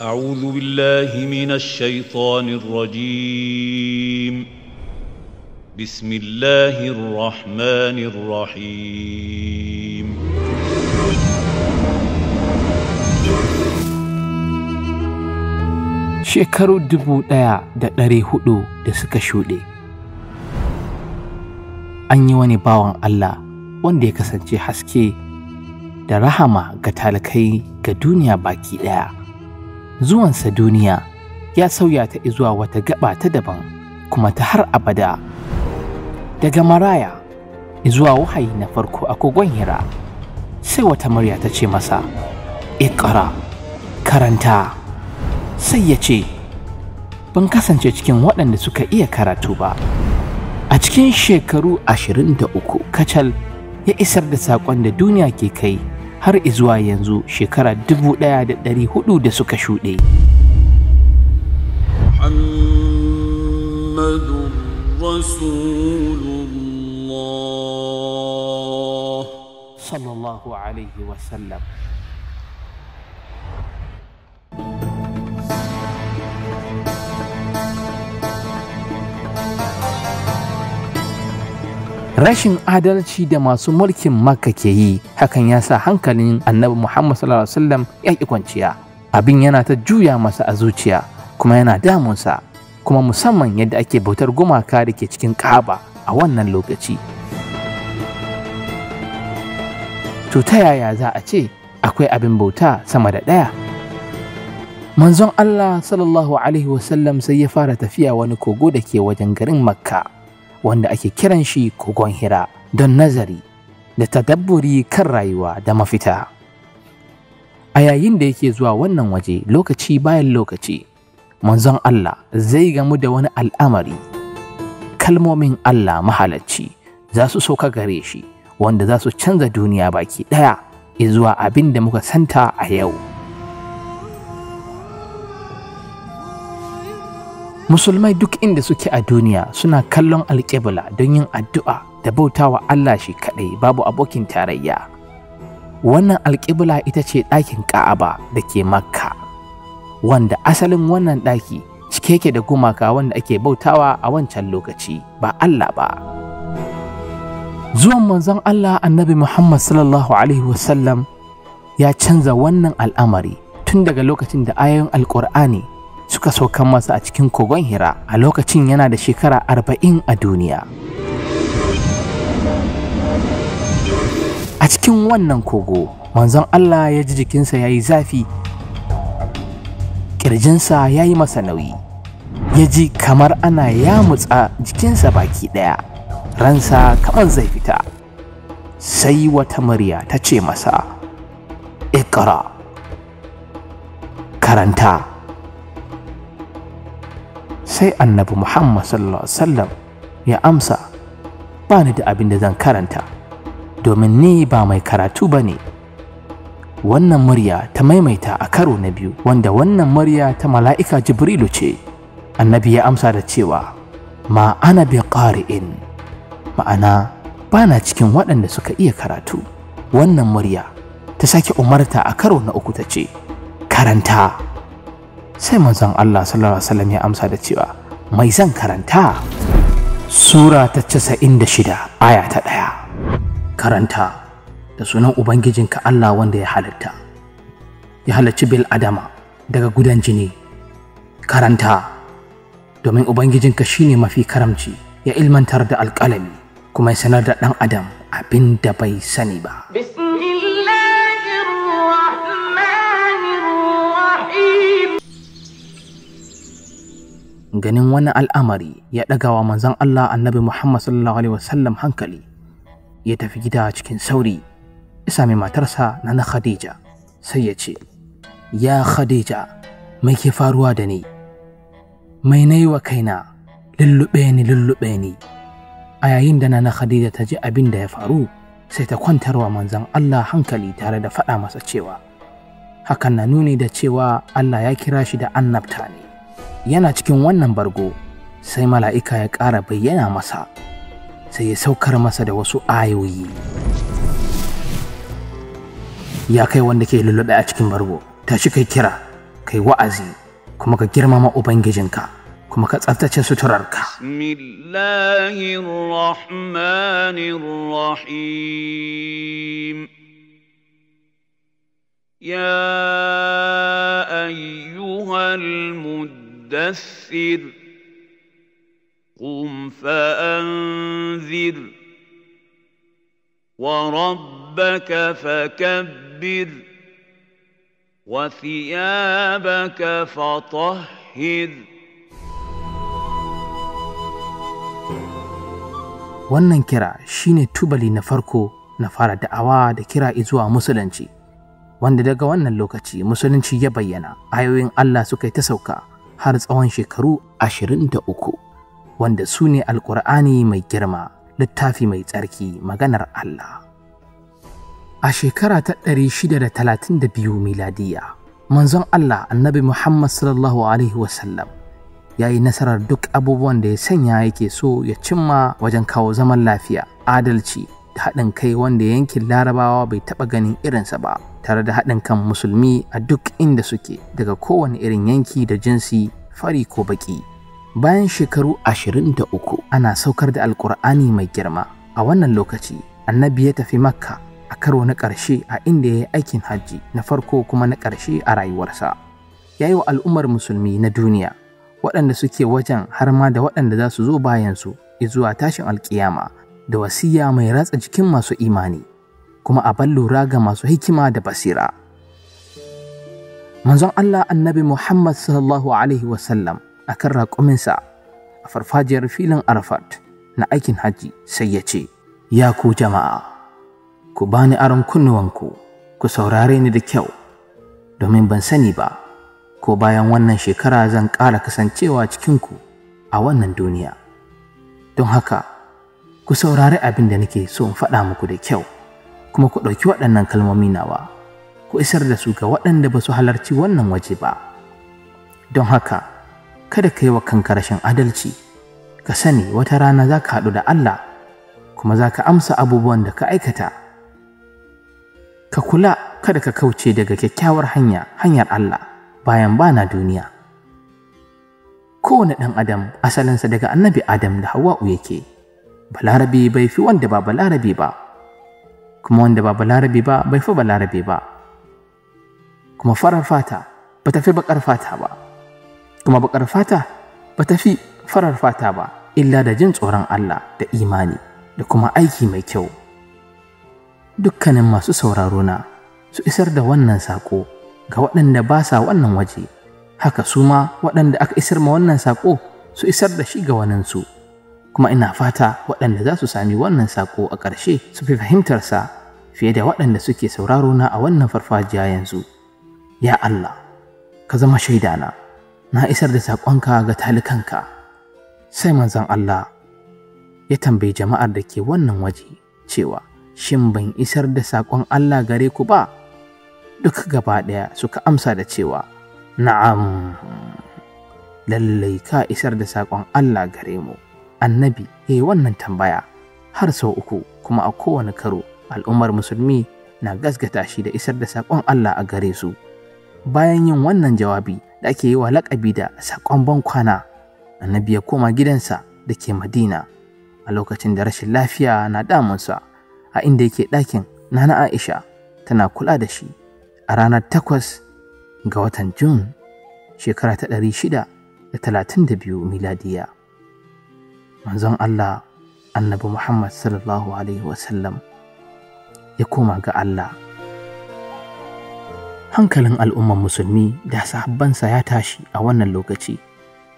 أعوذ بالله من الشيطان الرجيم بسم الله الرحمن الرحيم شكرو دبو دايا داري هدو دسكا شودي أني واني باوان الله واندي كسنجي حسكي دا رحمة غتالكي كدونيا باكي دايا Zuwan sa duniya ya sauya ta zuwa wata gaba ta daban kuma ta har abada daga maraya zuwa wahayi na farko a kogon hira sai wata murya ta ce masa ikara karanta sai ya ce ban kasance cikin waɗanda suka iya karatu ba a cikin shekaru 23 kacal ya isar da saƙon da duniya ke kai har izuwa yanzu shekara dubu ɗaya da ɗari hudu da suka shuɗe. sallallahu alaihi wasallam rashin adalci da masu mulkin makka ke yi hakan ya sa hankalin annabi muhammad sallallahu alaihi wasallam ya ƙi kwanciya abin yana ta juya masa a zuciya kuma yana damunsa kuma musamman yadda ake bautar gumaka da ke cikin kaba a wannan lokaci to ta yaya za a ce akwai abin bauta sama da ɗaya manzon allah sallallahu alaihi wasallam sai ya fara tafiya wani kogo da ke wajen garin makka wanda ake kiran shi kogon hira don nazari da tadabburi kan rayuwa da mafita. A yayin da yake zuwa wannan waje lokaci bayan lokaci, manzon Allah zai gamu da wani al'amari. Kalmomin Allah mahalacci za su sauka gare shi wanda za su canza duniya baki ɗaya zuwa abin da muka santa a yau. musulmai duk inda suke a duniya suna kallon alƙibla don yin addu'a da bautawa Allah shi kaɗai babu abokin tarayya wannan alƙibla ita ce ɗakin ƙa'aba da ke makka wanda asalin wannan ɗaki cike yake da gumaka wanda ake bautawa a wancan lokaci ba Allah ba zuwan manzon Allah annabi Muhammad sallallahu alaihi wasallam ya canza wannan al'amari tun daga lokacin da ayoyin alƙur'ani suka saukan masa a cikin kogon hira a lokacin yana da shekara arba'in a duniya a cikin wannan kogo manzon allah ya ji jikinsa ya yi zafi ƙirjinsa ya yi masa nauyi ya ji kamar ana ya mutsa jikinsa baki ɗaya ransa kamar zai fita sai wata murya ta ce masa Ikara. karanta sai annabi muhammad sallallahu alaihi wasallam ya amsa ba ni da abin da zan karanta domin ni ba mai karatu ba ne wannan murya ta maimaita a karo na biyu wanda wannan murya ta mala'ika jibrilu ce annabi ya amsa da cewa ma ana bi ƙari'in ma'ana ba na cikin waɗanda suka iya karatu wannan murya ta sake umarta a karo na uku ta ce karanta sai manzon Allah sallallahu alaihi wasallam ya amsa da cewa mai zan karanta sura ta 96 aya ta 1 karanta da sunan ubangijinka Allah wanda ya halitta ya halacci bil adama daga gudan jini karanta domin ubangijinka shine mafi karamci ya ilmantar da alƙalami kuma ya sanar da ɗan adam abin da bai sani ba ganin wani al'amari ya ɗaga wa manzan Allah annabi Muhammad sallallahu alaihi wasallam hankali ya tafi gida cikin sauri Ya sami matarsa na na Khadija sai ya ce ya Khadija mai ke faruwa da ni mai nayi wa kaina lullube ni lullube ni a yayin da na na Khadija ta ji abin da ya faru sai ta kwantar wa manzan Allah hankali tare da faɗa masa cewa hakan na nuni da cewa Allah ya kira shi da annabta ne yana cikin wannan bargo sai mala'ika ya ƙara bayyana masa sai ya saukar masa da wasu ayoyi ya kai wanda ke lullube a cikin bargo tashi kai kira kai wa'azi kuma ka girmama ubangijinka kuma ka tsaftace suturarka ya ayyuhal مدثر قم فأنذر وربك فكبر وثيابك فطهر wannan kira shine tubali na farko na fara da'awa da kira zuwa musulunci wanda daga wannan lokaci musulunci ya bayyana ayoyin Allah suka yi ta sauka har tsawon shekaru ashirin da uku. wanda su ne alkur'ani mai girma littafi mai tsarki maganar Allah. A shekara ta ɗari 632 miladiya, manzon Allah annabi Muhammad sallallahu Alaihi wasallam ya yi nasarar duk abubuwan da ya sanya yake so ya cimma wajen kawo zaman lafiya, adalci da haɗin kai wanda yankin larabawa bai taɓa ganin irinsa ba tare da haɗin kan musulmi a duk inda suke daga kowane irin yanki da jinsi fari ko baƙi bayan shekaru ashirin da uku ana saukar da alkur'ani mai girma a wannan lokaci annabi ya tafi makka a karo na ƙarshe a inda ya yi aikin hajji na farko kuma na ƙarshe a rayuwarsa ya yi wa al'ummar musulmi na duniya waɗanda suke wajen har ma da waɗanda za su zo bayansu izuwa tashin alkiyama da wasiya mai ratsa jikin masu imani kuma a ban lura ga masu hikima da basira manzon Allah annabi Muhammad sallallahu alaihi wasallam a kan raƙuminsa a farfajiyar filin Arafat na aikin hajji sai ya ce ya ku jama'a ku bani aron kunnuwanku ku saurare ni da kyau domin ban sani ba ko bayan wannan shekara zan ƙara kasancewa cikinku a wannan duniya don haka ku saurari abin da nake so in faɗa muku da kyau kuma ku ɗauki waɗannan kalmomi nawa ku isar da su ga waɗanda ba su halarci wannan waje ba don haka kada ka yi wa kanka rashin adalci ka sani wata rana za ka haɗu da Allah kuma za ka amsa abubuwan da ka aikata ka kula kada ka kauce daga kyakkyawar hanya hanyar Allah bayan bana duniya kowane ɗan adam asalinsa daga annabi adam da hawa'u yake balarabe bai fi wanda ba balarabe ba kuma wanda ba balarabe ba bai fi balarabe ba kuma farar fata ba ta fi bakar fata ba kuma bakar fata ba ta fi farar fata ba illa da jin tsoron Allah da imani da kuma aiki mai kyau dukkanin masu sauraro na su isar da wannan saƙo ga waɗanda ba sa wannan waje haka su ma waɗanda aka isar ma wannan saƙo su isar da shi ga waninsu kuma ina fata waɗanda za su sami wannan sako a ƙarshe su fi fahimtarsa fiye da waɗanda suke sauraro na a wannan farfajiya yanzu. Ya Allah, ka zama shaidana, na isar da saƙonka ga talikanka. Sai manzan Allah ya tambayi jama'ar da ke wannan waje cewa, Shin ban isar da saƙon Allah gare ku ba? Duk gaba ɗaya suka amsa da cewa, Na'am, lallai ka isar da saƙon Allah gare mu. annabi ya yi wannan tambaya har sau uku kuma a kowane karo al'ummar musulmi na gasgata shi da isar da saƙon Allah a gare su bayan yin wannan jawabi da ake yi wa laƙabi da saƙon bankwana annabi ya koma gidansa da ke madina a lokacin da rashin lafiya na damunsa a inda yake ɗakin nana aisha tana kula da shi a ranar takwas ga watan jun shekara ta ɗari shida da talatin da biyu miladiya manzon Allah annabi Muhammad sallallahu Alaihi wasallam ya koma ga Allah. Hankalin al'ummar musulmi da sahabbansa ya tashi a wannan lokaci,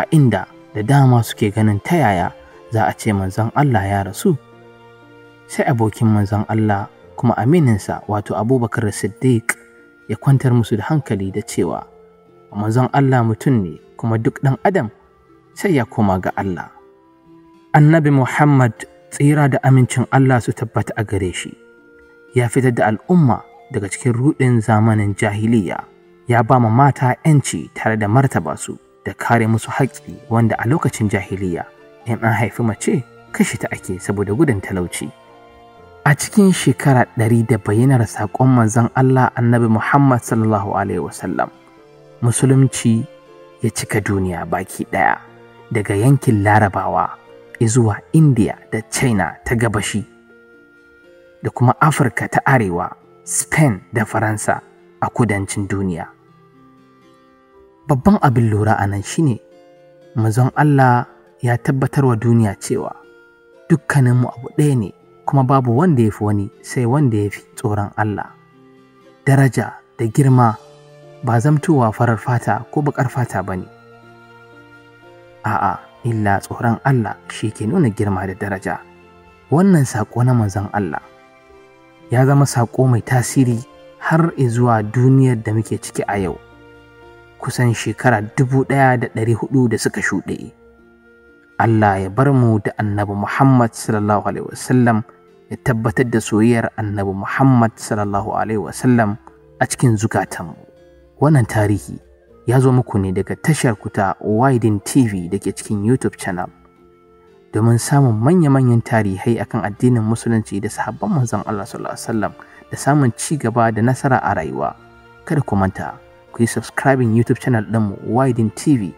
a inda da dama suke ganin ta yaya za a ce manzon Allah ya rasu. Sai abokin manzon Allah kuma amininsa wato Abubakar Siddiq ya kwantar musu da hankali da cewa, manzon Allah mutum ne kuma duk ɗan adam sai ya koma ga Allah. annabi Muhammad tsira da amincin Allah su tabbata a gare shi ya fitar da al'umma daga cikin ruɗin zamanin jahiliya ya ba ma mata 'yanci tare da martaba su da kare musu haƙƙi wanda a lokacin jahiliya in an haifi mace kashe ta ake saboda gudun talauci a cikin shekara ɗari da bayyanar saƙon manzon Allah annabi Muhammad sallallahu alaihi wasallam musulunci ya cika duniya baki ɗaya daga yankin larabawa zuwa India da China ta gabashi da kuma Afirka ta arewa, Spain da Faransa a kudancin duniya. Babban abin lura a nan shine manzon Allah ya tabbatar wa duniya cewa dukkaninmu abu ɗaya ne kuma babu wanda ya fi wani sai wanda ya fi tsoron Allah. Daraja da girma ba zamtowa farar fata ko baƙar fata ba ne. A'a, illa tsoron Allah shi ke nuna girma da daraja wannan saƙo na manzan Allah ya zama saƙo mai tasiri har zuwa duniyar da muke ciki a yau kusan shekara dubu ɗaya da ɗari hudu da suka shuɗe Allah ya bar mu da annabi Muhammad sallallahu alaihi wasallam ya tabbatar da soyayyar annabi Muhammad sallallahu alaihi wasallam a cikin zukatanmu wannan tarihi ya zo muku ne daga tashar kuta Widen TV da ke cikin YouTube channel. Domin samun manya-manyan tarihai akan addinin Musulunci da sahabban manzon Allah sallallahu Alaihi wasallam da samun ci gaba da nasara a rayuwa. Kada ku manta, ku yi subscribing YouTube channel ɗinmu Widen TV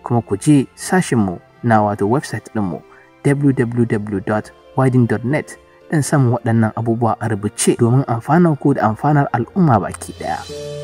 kuma ku je sashenmu na wato website ɗinmu www.widen.net don samun waɗannan abubuwa a rubuce domin amfanar ku da amfanar al'umma baki ɗaya.